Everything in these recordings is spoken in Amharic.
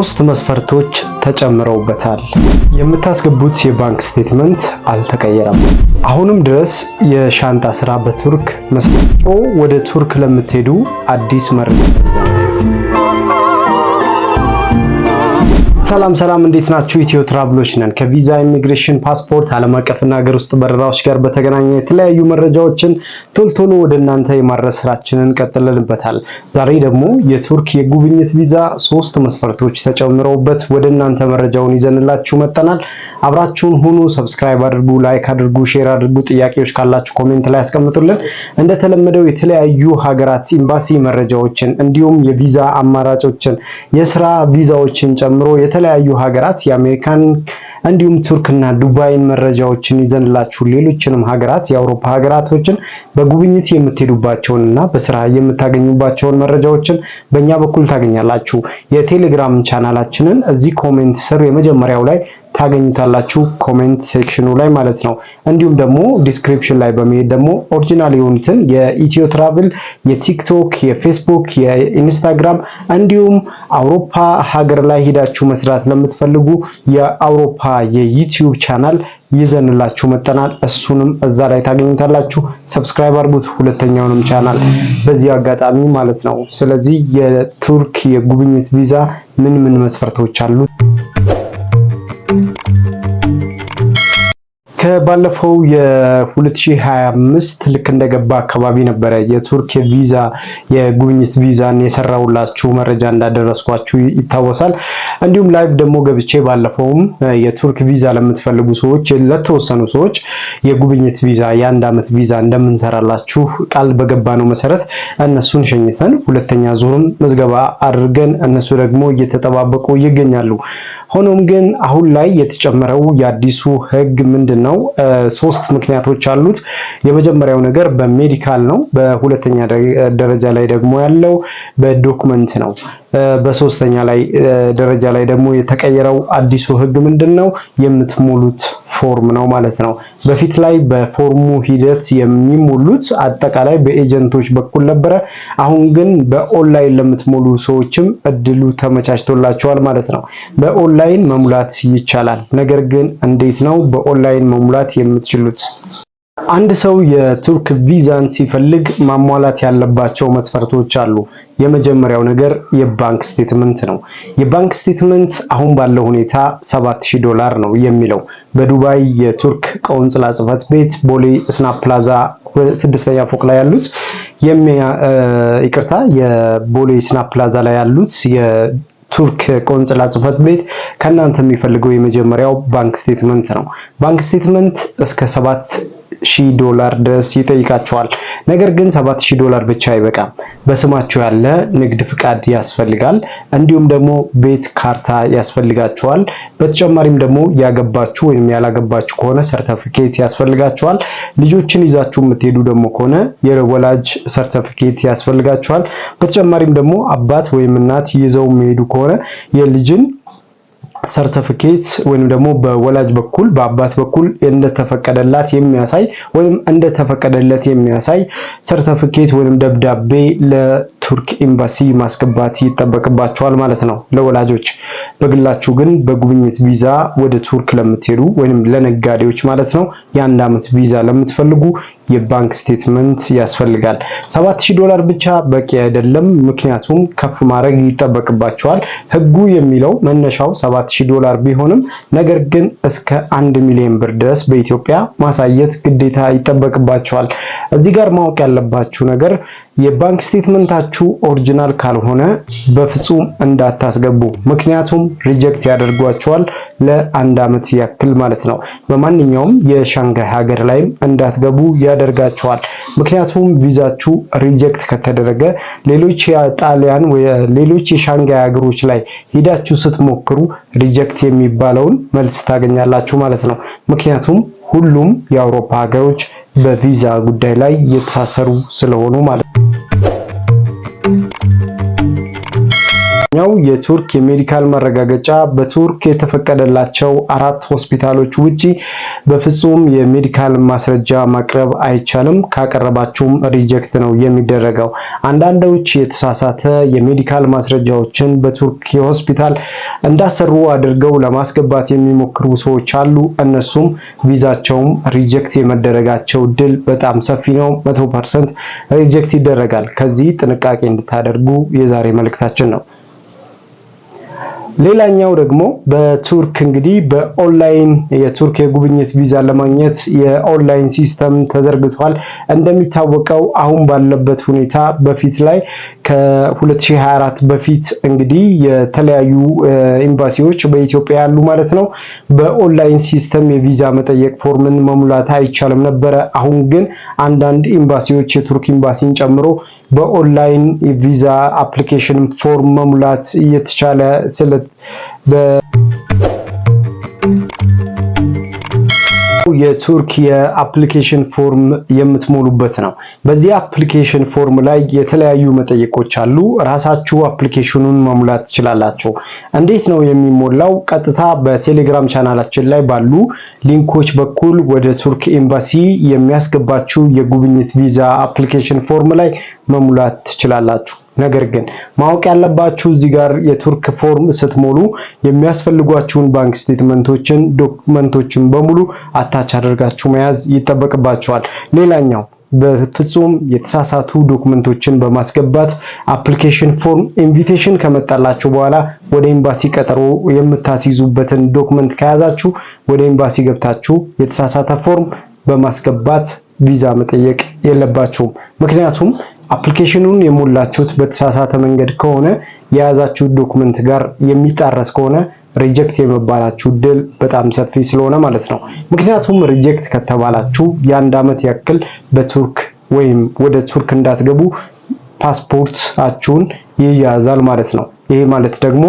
ሶስት መስፈርቶች ተጨምረውበታል። የምታስገቡት የባንክ ስቴትመንት አልተቀየረም። አሁንም ድረስ የሻንጣ ስራ በቱርክ መስፈርቶ ወደ ቱርክ ለምትሄዱ አዲስ መረጃ ሰላም ሰላም፣ እንዴት ናችሁ? ኢትዮ ትራቭሎች ነን። ከቪዛ ኢሚግሬሽን፣ ፓስፖርት፣ ዓለም አቀፍና ሀገር ውስጥ በረራዎች ጋር በተገናኘ የተለያዩ መረጃዎችን ቶልቶሎ ወደናንተ ወደ እናንተ የማድረስ ስራችንን ቀጥለንበታል። ዛሬ ደግሞ የቱርክ የጉብኝት ቪዛ ሶስት መስፈርቶች ተጨምረውበት ወደ እናንተ መረጃውን ይዘንላችሁ መጠናል። አብራችሁን ሁኑ። ሰብስክራይብ አድርጉ፣ ላይክ አድርጉ፣ ሼር አድርጉ። ጥያቄዎች ካላችሁ ኮሜንት ላይ ያስቀምጡልን። እንደተለመደው የተለያዩ ሀገራት ኤምባሲ መረጃዎችን እንዲሁም የቪዛ አማራጮችን የስራ ቪዛዎችን ጨምሮ የተ ከተለያዩ ሀገራት የአሜሪካን እንዲሁም ቱርክና ዱባይን መረጃዎችን ይዘንላችሁ ሌሎችንም ሀገራት የአውሮፓ ሀገራቶችን በጉብኝት የምትሄዱባቸውን እና በስራ የምታገኙባቸውን መረጃዎችን በእኛ በኩል ታገኛላችሁ። የቴሌግራም ቻናላችንን እዚህ ኮሜንት ስር የመጀመሪያው ላይ ታገኙታላችሁ ኮሜንት ሴክሽኑ ላይ ማለት ነው። እንዲሁም ደግሞ ዲስክሪፕሽን ላይ በመሄድ ደግሞ ኦሪጂናል የሆኑትን የኢትዮ ትራቭል የቲክቶክ፣ የፌስቡክ፣ የኢንስታግራም እንዲሁም አውሮፓ ሀገር ላይ ሄዳችሁ መስራት ለምትፈልጉ የአውሮፓ የዩቲዩብ ቻናል ይዘንላችሁ መጠናል። እሱንም እዛ ላይ ታገኙታላችሁ። ሰብስክራይብ አድርጉት ሁለተኛውንም ቻናል በዚህ አጋጣሚ ማለት ነው። ስለዚህ የቱርክ የጉብኝት ቪዛ ምን ምን መስፈርቶች አሉት? ከባለፈው የ2025 ልክ እንደገባ አካባቢ ነበረ የቱርክ ቪዛ የጉብኝት ቪዛን የሰራውላችሁ መረጃ እንዳደረስኳችሁ ይታወሳል። እንዲሁም ላይቭ ደግሞ ገብቼ ባለፈውም የቱርክ ቪዛ ለምትፈልጉ ሰዎች ለተወሰኑ ሰዎች የጉብኝት ቪዛ የአንድ ዓመት ቪዛ እንደምንሰራላችሁ ቃል በገባ ነው መሰረት እነሱን ሸኝተን ሁለተኛ ዙርን መዝገባ አድርገን እነሱ ደግሞ እየተጠባበቁ ይገኛሉ። ሆኖም ግን አሁን ላይ የተጨመረው የአዲሱ ህግ ምንድን ነው? ሶስት ምክንያቶች አሉት። የመጀመሪያው ነገር በሜዲካል ነው። በሁለተኛ ደረጃ ላይ ደግሞ ያለው በዶክመንት ነው። በሶስተኛ ላይ ደረጃ ላይ ደግሞ የተቀየረው አዲሱ ህግ ምንድን ነው? የምትሞሉት ፎርም ነው ማለት ነው። በፊት ላይ በፎርሙ ሂደት የሚሞሉት አጠቃላይ በኤጀንቶች በኩል ነበረ። አሁን ግን በኦንላይን ለምትሞሉ ሰዎችም እድሉ ተመቻችቶላቸዋል ማለት ነው። በኦንላይን መሙላት ይቻላል። ነገር ግን እንዴት ነው በኦንላይን መሙላት የምትችሉት? አንድ ሰው የቱርክ ቪዛን ሲፈልግ ማሟላት ያለባቸው መስፈርቶች አሉ። የመጀመሪያው ነገር የባንክ ስቴትመንት ነው። የባንክ ስቴትመንት አሁን ባለው ሁኔታ 7000 ዶላር ነው የሚለው በዱባይ የቱርክ ቆንጽላ ጽህፈት ቤት ቦሌ ስናፕ ፕላዛ ስድስተኛ ፎቅ ላይ ያሉት ይቅርታ፣ የቦሌ ስናፕ ፕላዛ ላይ ያሉት ቱርክ ቆንጽላ ጽሕፈት ቤት ከእናንተ የሚፈልገው የመጀመሪያው ባንክ ስቴትመንት ነው። ባንክ ስቴትመንት እስከ ሰባት ሺህ ዶላር ድረስ ይጠይቃቸዋል። ነገር ግን ሰባት ሺህ ዶላር ብቻ አይበቃም። በስማቸው ያለ ንግድ ፍቃድ ያስፈልጋል። እንዲሁም ደግሞ ቤት ካርታ ያስፈልጋቸዋል። በተጨማሪም ደግሞ ያገባችሁ ወይም ያላገባችሁ ከሆነ ሰርተፊኬት ያስፈልጋቸዋል። ልጆችን ይዛችሁ የምትሄዱ ደግሞ ከሆነ የወላጅ ሰርተፊኬት ያስፈልጋቸዋል። በተጨማሪም ደግሞ አባት ወይም እናት ይዘው የሚሄዱ ከሆነ የልጅን ሰርተፍኬት ወይም ደግሞ በወላጅ በኩል በአባት በኩል እንደተፈቀደላት የሚያሳይ ወይም እንደተፈቀደለት የሚያሳይ ሰርተፍኬት ወይም ደብዳቤ ለ ቱርክ ኤምባሲ ማስገባት ይጠበቅባቸዋል ማለት ነው ለወላጆች። በግላችሁ ግን በጉብኝት ቪዛ ወደ ቱርክ ለምትሄዱ ወይም ለነጋዴዎች ማለት ነው የአንድ ዓመት ቪዛ ለምትፈልጉ የባንክ ስቴትመንት ያስፈልጋል። 7000 ዶላር ብቻ በቂ አይደለም፣ ምክንያቱም ከፍ ማድረግ ይጠበቅባቸዋል። ህጉ የሚለው መነሻው 7000 ዶላር ቢሆንም ነገር ግን እስከ 1 ሚሊዮን ብር ድረስ በኢትዮጵያ ማሳየት ግዴታ ይጠበቅባቸዋል። እዚህ ጋር ማወቅ ያለባችሁ ነገር የባንክ ስቴትመንታችሁ ኦሪጂናል ካልሆነ በፍጹም እንዳታስገቡ። ምክንያቱም ሪጀክት ያደርጓቸዋል ለአንድ ዓመት ያክል ማለት ነው። በማንኛውም የሻንጋይ ሀገር ላይም እንዳትገቡ ያደርጋቸዋል። ምክንያቱም ቪዛችሁ ሪጀክት ከተደረገ ሌሎች የጣሊያን ሌሎች የሻንጋይ ሀገሮች ላይ ሂዳችሁ ስትሞክሩ ሪጀክት የሚባለውን መልስ ታገኛላችሁ ማለት ነው። ምክንያቱም ሁሉም የአውሮፓ ሀገሮች በቪዛ ጉዳይ ላይ የተሳሰሩ ስለሆኑ ማለት ነው። ኛው የቱርክ የሜዲካል መረጋገጫ በቱርክ የተፈቀደላቸው አራት ሆስፒታሎች ውጪ በፍጹም የሜዲካል ማስረጃ ማቅረብ አይቻልም፣ ካቀረባችሁም ሪጀክት ነው የሚደረገው። አንዳንዶች የተሳሳተ የሜዲካል ማስረጃዎችን በቱርክ ሆስፒታል እንዳሰሩ አድርገው ለማስገባት የሚሞክሩ ሰዎች አሉ። እነሱም ቪዛቸውም ሪጀክት የመደረጋቸው ድል በጣም ሰፊ ነው። መቶ ፐርሰንት ሪጀክት ይደረጋል። ከዚህ ጥንቃቄ እንድታደርጉ የዛሬ መልእክታችን ነው። ሌላኛው ደግሞ በቱርክ እንግዲህ በኦንላይን የቱርክ የጉብኝት ቪዛ ለማግኘት የኦንላይን ሲስተም ተዘርግቷል። እንደሚታወቀው አሁን ባለበት ሁኔታ በፊት ላይ ከ2024 በፊት እንግዲህ የተለያዩ ኤምባሲዎች በኢትዮጵያ ያሉ ማለት ነው በኦንላይን ሲስተም የቪዛ መጠየቅ ፎርምን መሙላት አይቻልም ነበረ። አሁን ግን አንዳንድ ኤምባሲዎች የቱርክ ኤምባሲን ጨምሮ በኦንላይን ቪዛ አፕሊኬሽን ፎርም መሙላት እየተቻለ ስለ የቱርክ የአፕሊኬሽን ፎርም የምትሞሉበት ነው። በዚህ አፕሊኬሽን ፎርም ላይ የተለያዩ መጠየቆች አሉ። ራሳችሁ አፕሊኬሽኑን መሙላት ትችላላችሁ። እንዴት ነው የሚሞላው? ቀጥታ በቴሌግራም ቻናላችን ላይ ባሉ ሊንኮች በኩል ወደ ቱርክ ኤምባሲ የሚያስገባችሁ የጉብኝት ቪዛ አፕሊኬሽን ፎርም ላይ መሙላት ትችላላችሁ። ነገር ግን ማወቅ ያለባችሁ እዚህ ጋር የቱርክ ፎርም ስትሞሉ የሚያስፈልጓችሁን ባንክ ስቴትመንቶችን፣ ዶክመንቶችን በሙሉ አታች አድርጋችሁ መያዝ ይጠበቅባችኋል። ሌላኛው በፍጹም የተሳሳቱ ዶክመንቶችን በማስገባት አፕሊኬሽን ፎርም ኢንቪቴሽን ከመጣላችሁ በኋላ ወደ ኤምባሲ ቀጠሮ የምታስይዙበትን ዶክመንት ከያዛችሁ ወደ ኤምባሲ ገብታችሁ የተሳሳተ ፎርም በማስገባት ቪዛ መጠየቅ የለባችሁም። ምክንያቱም አፕሊኬሽኑን የሞላችሁት በተሳሳተ መንገድ ከሆነ የያዛችሁት ዶክመንት ጋር የሚጣረስ ከሆነ ሪጀክት የመባላችሁ እድል በጣም ሰፊ ስለሆነ ማለት ነው። ምክንያቱም ሪጀክት ከተባላችሁ የአንድ ዓመት ያክል በቱርክ ወይም ወደ ቱርክ እንዳትገቡ ፓስፖርታችሁን ይያዛል ማለት ነው። ይሄ ማለት ደግሞ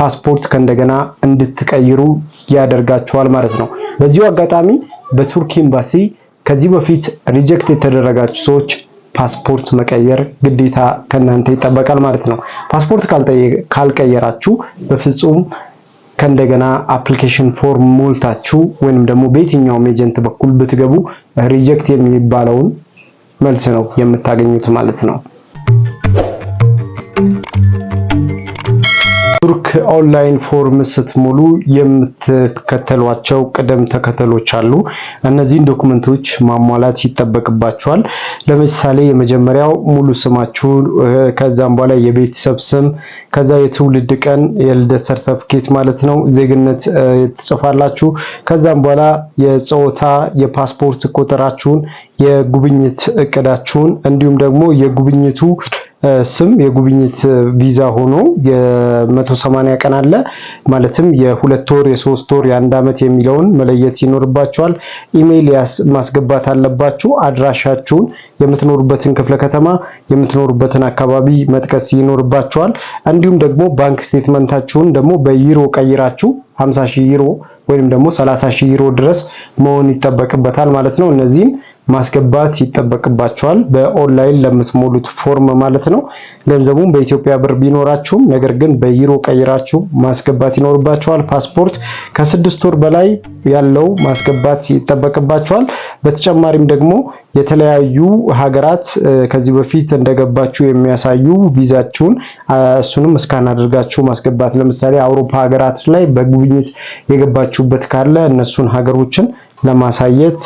ፓስፖርት ከእንደገና እንድትቀይሩ ያደርጋችኋል ማለት ነው። በዚሁ አጋጣሚ በቱርክ ኤምባሲ ከዚህ በፊት ሪጀክት የተደረጋችሁ ሰዎች ፓስፖርት መቀየር ግዴታ ከእናንተ ይጠበቃል ማለት ነው። ፓስፖርት ካልቀየራችሁ በፍጹም ከእንደገና አፕሊኬሽን ፎርም ሞልታችሁ ወይንም ደግሞ በየትኛውም ኤጀንት በኩል ብትገቡ ሪጀክት የሚባለውን መልስ ነው የምታገኙት ማለት ነው። ኦንላይን ፎርም ስትሞሉ የምትከተሏቸው ቅደም ተከተሎች አሉ። እነዚህን ዶክመንቶች ማሟላት ይጠበቅባቸዋል። ለምሳሌ የመጀመሪያው ሙሉ ስማችሁ፣ ከዛም በኋላ የቤተሰብ ስም፣ ከዛ የትውልድ ቀን የልደት ሰርተፍኬት ማለት ነው፣ ዜግነት ትጽፋላችሁ። ከዛም በኋላ የጾታ የፓስፖርት ቁጥራችሁን፣ የጉብኝት እቅዳችሁን እንዲሁም ደግሞ የጉብኝቱ ስም የጉብኝት ቪዛ ሆኖ የ180 ቀን አለ። ማለትም የሁለት ወር፣ የሶስት ወር፣ የአንድ ዓመት የሚለውን መለየት ይኖርባቸዋል። ኢሜይል ማስገባት አለባችሁ። አድራሻችሁን፣ የምትኖሩበትን ክፍለ ከተማ፣ የምትኖሩበትን አካባቢ መጥቀስ ይኖርባቸዋል። እንዲሁም ደግሞ ባንክ ስቴትመንታችሁን ደግሞ በዩሮ ቀይራችሁ 50 ሺህ ዩሮ ወይም ደግሞ 30 ሺህ ዩሮ ድረስ መሆን ይጠበቅበታል ማለት ነው እነዚህም ማስገባት ይጠበቅባቸዋል። በኦንላይን ለምትሞሉት ፎርም ማለት ነው። ገንዘቡን በኢትዮጵያ ብር ቢኖራችሁም ነገር ግን በዩሮ ቀይራችሁ ማስገባት ይኖርባቸዋል። ፓስፖርት ከስድስት ወር በላይ ያለው ማስገባት ይጠበቅባቸዋል። በተጨማሪም ደግሞ የተለያዩ ሀገራት ከዚህ በፊት እንደገባችሁ የሚያሳዩ ቪዛችሁን እሱንም እስካን አድርጋችሁ ማስገባት። ለምሳሌ አውሮፓ ሀገራት ላይ በጉብኝት የገባችሁበት ካለ እነሱን ሀገሮችን ለማሳየት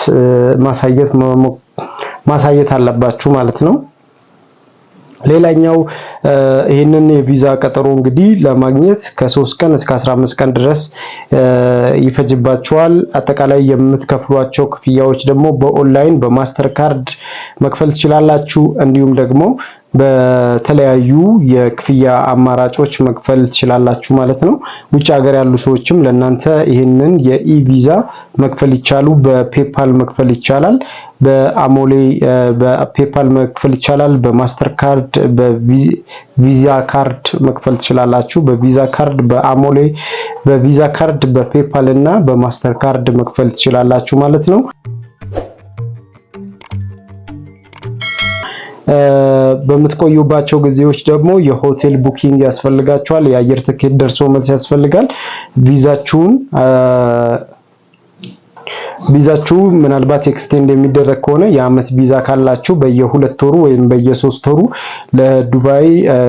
ማሳየት ማሳየት አለባችሁ ማለት ነው። ሌላኛው ይህንን የቪዛ ቀጠሮ እንግዲህ ለማግኘት ከሶስት ቀን እስከ 15 ቀን ድረስ ይፈጅባቸዋል። አጠቃላይ የምትከፍሏቸው ክፍያዎች ደግሞ በኦንላይን በማስተር ካርድ መክፈል ትችላላችሁ። እንዲሁም ደግሞ በተለያዩ የክፍያ አማራጮች መክፈል ትችላላችሁ ማለት ነው። ውጭ ሀገር ያሉ ሰዎችም ለእናንተ ይህንን የኢቪዛ መክፈል ይቻሉ በፔፓል መክፈል ይቻላል። በአሞሌ በፔፓል መክፈል ይቻላል። በማስተር ካርድ በቪዛ ካርድ መክፈል ትችላላችሁ። በቪዛ ካርድ በአሞሌ በቪዛ ካርድ በፔፓል እና በማስተር ካርድ መክፈል ትችላላችሁ ማለት ነው። በምትቆዩባቸው ጊዜዎች ደግሞ የሆቴል ቡኪንግ ያስፈልጋቸዋል የአየር ትኬት ደርሶ መልስ ያስፈልጋል። ቪዛችሁን ቪዛችሁ ምናልባት ኤክስቴንድ የሚደረግ ከሆነ የአመት ቪዛ ካላችሁ በየሁለት ወሩ ወይም በየሶስት ወሩ ለዱባይ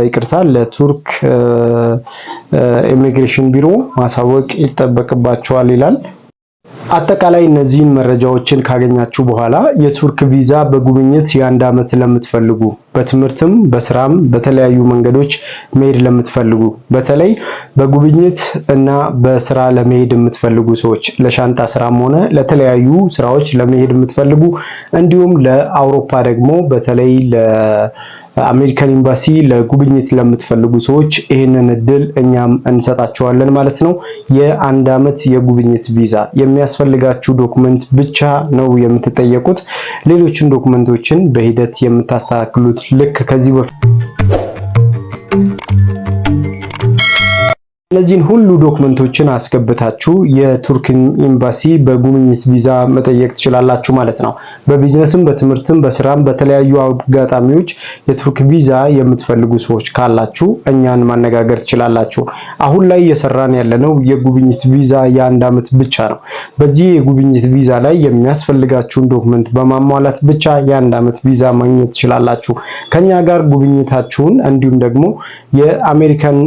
ይቅርታ፣ ለቱርክ ኢሚግሬሽን ቢሮ ማሳወቅ ይጠበቅባቸዋል ይላል። አጠቃላይ እነዚህን መረጃዎችን ካገኛችሁ በኋላ የቱርክ ቪዛ በጉብኝት የአንድ ዓመት ለምትፈልጉ በትምህርትም በስራም በተለያዩ መንገዶች መሄድ ለምትፈልጉ በተለይ በጉብኝት እና በስራ ለመሄድ የምትፈልጉ ሰዎች ለሻንጣ ስራም ሆነ ለተለያዩ ስራዎች ለመሄድ የምትፈልጉ እንዲሁም ለአውሮፓ ደግሞ በተለይ አሜሪካን ኤምባሲ ለጉብኝት ለምትፈልጉ ሰዎች ይህንን እድል እኛም እንሰጣቸዋለን ማለት ነው። የአንድ አመት የጉብኝት ቪዛ የሚያስፈልጋችሁ ዶክመንት ብቻ ነው የምትጠየቁት። ሌሎችን ዶክመንቶችን በሂደት የምታስተካክሉት ልክ ከዚህ በፊት እነዚህን ሁሉ ዶክመንቶችን አስገብታችሁ የቱርክን ኤምባሲ በጉብኝት ቪዛ መጠየቅ ትችላላችሁ ማለት ነው። በቢዝነስም በትምህርትም በስራም በተለያዩ አጋጣሚዎች የቱርክ ቪዛ የምትፈልጉ ሰዎች ካላችሁ እኛን ማነጋገር ትችላላችሁ። አሁን ላይ እየሰራን ያለነው የጉብኝት ቪዛ የአንድ ዓመት ብቻ ነው። በዚህ የጉብኝት ቪዛ ላይ የሚያስፈልጋችሁን ዶክመንት በማሟላት ብቻ የአንድ ዓመት ቪዛ ማግኘት ትችላላችሁ። ከኛ ጋር ጉብኝታችሁን እንዲሁም ደግሞ የአሜሪካን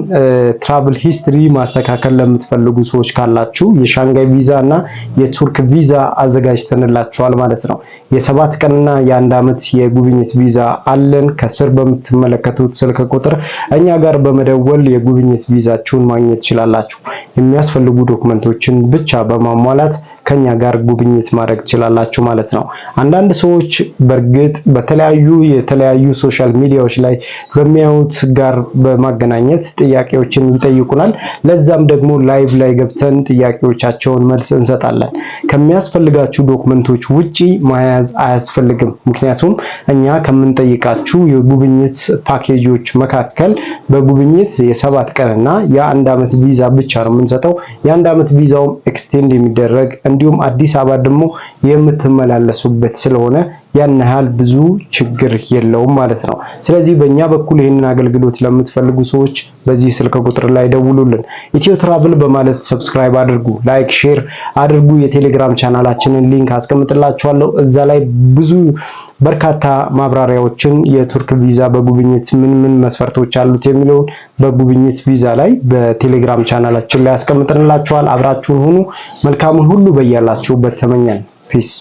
ትራቭል ሂስት ኢንዱስትሪ ማስተካከል ለምትፈልጉ ሰዎች ካላችሁ የሻንጋይ ቪዛ እና የቱርክ ቪዛ አዘጋጅተንላችኋል ማለት ነው። የሰባት ቀንና የአንድ ዓመት የጉብኝት ቪዛ አለን። ከስር በምትመለከቱት ስልክ ቁጥር እኛ ጋር በመደወል የጉብኝት ቪዛችሁን ማግኘት ትችላላችሁ። የሚያስፈልጉ ዶክመንቶችን ብቻ በማሟላት ከኛ ጋር ጉብኝት ማድረግ ትችላላችሁ ማለት ነው። አንዳንድ ሰዎች በእርግጥ በተለያዩ የተለያዩ ሶሻል ሚዲያዎች ላይ በሚያዩት ጋር በማገናኘት ጥያቄዎችን ይጠይቁናል። ለዛም ደግሞ ላይቭ ላይ ገብተን ጥያቄዎቻቸውን መልስ እንሰጣለን። ከሚያስፈልጋችሁ ዶክመንቶች ውጪ መያዝ አያስፈልግም። ምክንያቱም እኛ ከምንጠይቃችሁ የጉብኝት ፓኬጆች መካከል በጉብኝት የሰባት ቀንና የአንድ ዓመት ቪዛ ብቻ ነው የምንሰጠው። የአንድ ዓመት ቪዛውም ኤክስቴንድ የሚደረግ እንዲሁም አዲስ አበባ ደግሞ የምትመላለሱበት ስለሆነ ያን ያህል ብዙ ችግር የለውም ማለት ነው። ስለዚህ በእኛ በኩል ይህንን አገልግሎት ለምትፈልጉ ሰዎች በዚህ ስልክ ቁጥር ላይ ደውሉልን። ኢትዮ ትራቭል በማለት ሰብስክራይብ አድርጉ፣ ላይክ፣ ሼር አድርጉ። የቴሌግራም ቻናላችንን ሊንክ አስቀምጥላችኋለሁ። እዛ ላይ ብዙ በርካታ ማብራሪያዎችን የቱርክ ቪዛ በጉብኝት ምን ምን መስፈርቶች አሉት የሚለውን በጉብኝት ቪዛ ላይ በቴሌግራም ቻናላችን ላይ አስቀምጠንላችኋል። አብራችሁን ሁኑ። መልካሙን ሁሉ በያላችሁበት ተመኘን። ፒስ